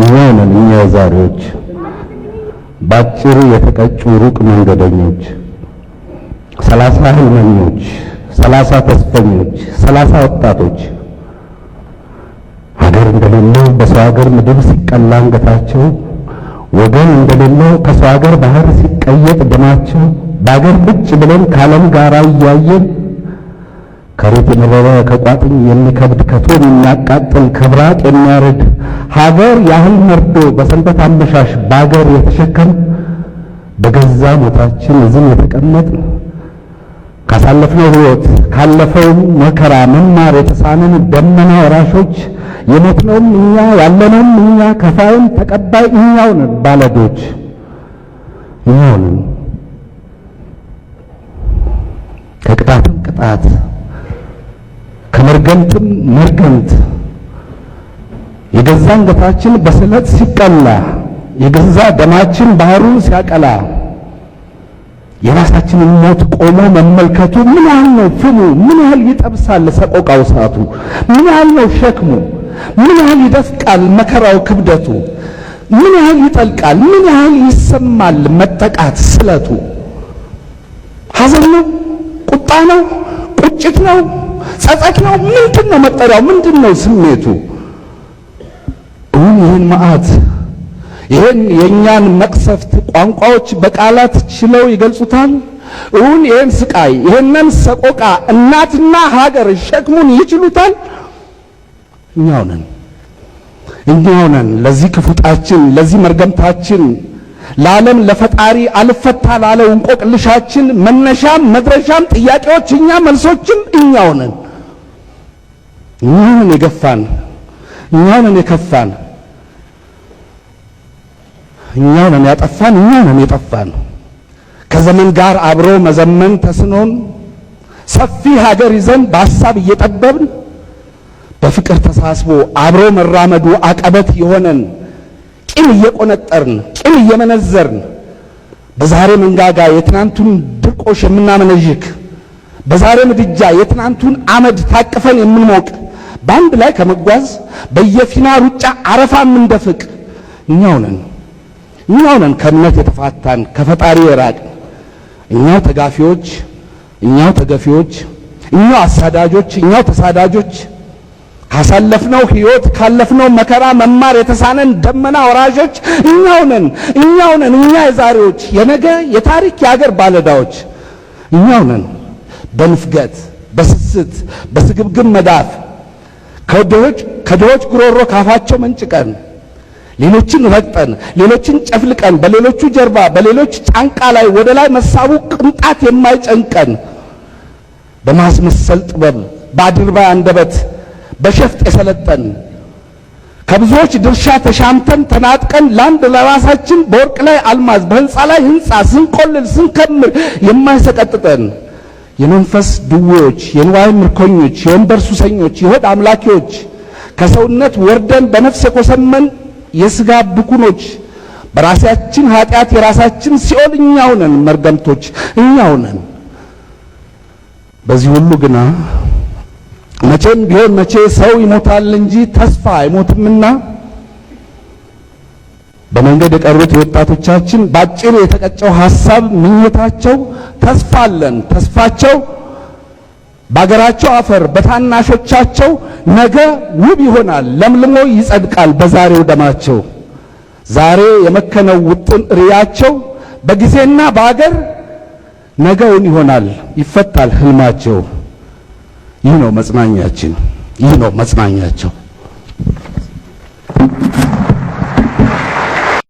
እኛው ነን እኛ የዛሬዎች ባጭሩ የተቀጩ ሩቅ መንገደኞች፣ ሰላሳ ህልመኞች፣ ሰላሳ ተስፈኞች፣ ሰላሳ ወጣቶች ሀገር እንደሌለው በሰው ሀገር ምድር ሲቀላ አንገታቸው፣ ወገን እንደሌለው ከሰው ሀገር ባህር ሲቀየጥ ደማቸው፣ በሀገር ብጭ ብለን ከዓለም ጋር እያየን ከሩቅ የመረረ ከቋጥኝ የሚከብድ ከቶን የሚያቃጥል ከብራቅ የሚያርድ ሀገር ያህል መርዶ በሰንበት አመሻሽ በአገር የተሸከም በገዛ ሞታችን እዝም የተቀመጥ ካሳለፍነው ሕይወት ካለፈውም መከራ መማር የተሳንን ደመና ወራሾች የሞትነውም እኛ ያለነውም እኛ ከፋይም ተቀባይ እኛውን ባለዶች እኛውን ከቅጣትም ቅጣት ከመርገምትም መርገንት የገዛ አንገታችን በስለት ሲቀላ የገዛ ደማችን ባህሩን ሲያቀላ የራሳችንን ሞት ቆሞ መመልከቱ ምን ያህል ነው ፍሙ? ምን ያህል ይጠብሳል ሰቆቃው ሰዓቱ? ምን ያህል ነው ሸክሙ? ምን ያህል ይደፍቃል መከራው ክብደቱ? ምን ያህል ይጠልቃል? ምን ያህል ይሰማል መጠቃት ስለቱ? ሐዘን ነው? ቁጣ ነው? ቁጭት ነው? ጸጸት ነው? ምንድን ነው መጠሪያው? ምንድን ነው ስሜቱ? እውን ይህን መዓት ይህን የእኛን መቅሰፍት ቋንቋዎች በቃላት ችለው ይገልጹታል? እውን ይህን ስቃይ ይህንን ሰቆቃ እናትና ሀገር ሸክሙን ይችሉታል? እኛው ነን እኛው ነን ለዚህ ክፉጣችን ለዚህ መርገምታችን ለዓለም ለፈጣሪ አልፈታ ላለው እንቆቅልሻችን መነሻም መድረሻም ጥያቄዎች እኛ መልሶችም እኛው ነን። እኛንን የገፋን እኛንን የከፋን እኛንን ያጠፋን እኛንን የጠፋን ከዘመን ጋር አብሮ መዘመን ተስኖን ሰፊ ሀገር ይዘን በሀሳብ እየጠበብን በፍቅር ተሳስቦ አብሮ መራመዱ አቀበት የሆነን ቂም እየቆነጠርን ቂም እየመነዘርን በዛሬ መንጋጋ የትናንቱን ድርቆሽ የምናመነዥክ በዛሬ ምድጃ የትናንቱን አመድ ታቅፈን የምንሞቅ በአንድ ላይ ከመጓዝ በየፊና ሩጫ አረፋ የምንደፍቅ እኛው ነን። እኛው ነን ከእምነት የተፋታን ከፈጣሪ የራቅን እኛው ተጋፊዎች፣ እኛው ተገፊዎች፣ እኛው አሳዳጆች፣ እኛው ተሳዳጆች ካሳለፍነው ህይወት ካለፍነው መከራ መማር የተሳነን ደመና ወራሾች እኛው ነን፣ እኛው ነን። እኛ የዛሬዎች የነገ የታሪክ የአገር ባለዳዎች እኛው ነን። በንፍገት በስስት በስግብግብ መዳፍ ከድሆች ጉሮሮ ካፋቸው መንጭቀን ሌሎችን ረግጠን ሌሎችን ጨፍልቀን በሌሎቹ ጀርባ በሌሎች ጫንቃ ላይ ወደ ላይ መሳቡ ቅንጣት የማይጨንቀን በማስመሰል ጥበብ በአድርባይ አንደበት በሸፍጥ የሰለጠን ከብዙዎች ድርሻ ተሻምተን ተናጥቀን ለአንድ ለራሳችን በወርቅ ላይ አልማዝ በህንፃ ላይ ህንፃ ስንቆልል ስንከምር የማይሰቀጥጠን የመንፈስ ድዌዎች፣ የንዋይ ምርኮኞች፣ የወንበር ሱሰኞች፣ የሆድ አምላኪዎች ከሰውነት ወርደን በነፍስ የኮሰመን የስጋ ብኩኖች በራሳችን ኃጢአት የራሳችን ሲኦል እኛው ነን፣ መርገምቶች እኛው ነን። በዚህ ሁሉ ግና መቼም ቢሆን መቼ ሰው ይሞታል እንጂ ተስፋ አይሞትምና በመንገድ የቀሩት ወጣቶቻችን ባጭሩ የተቀጨው ሀሳብ ምኞታቸው ተስፋ አለን ተስፋቸው በአገራቸው አፈር በታናሾቻቸው ነገ ውብ ይሆናል፣ ለምልሞ ይጸድቃል በዛሬው ደማቸው። ዛሬ የመከነው ውጥን ርያቸው በጊዜና በአገር ነገውን ይሆናል ይፈታል ህልማቸው። ይህ ነው መጽናኛችን፣ ይህ ነው መጽናኛቸው።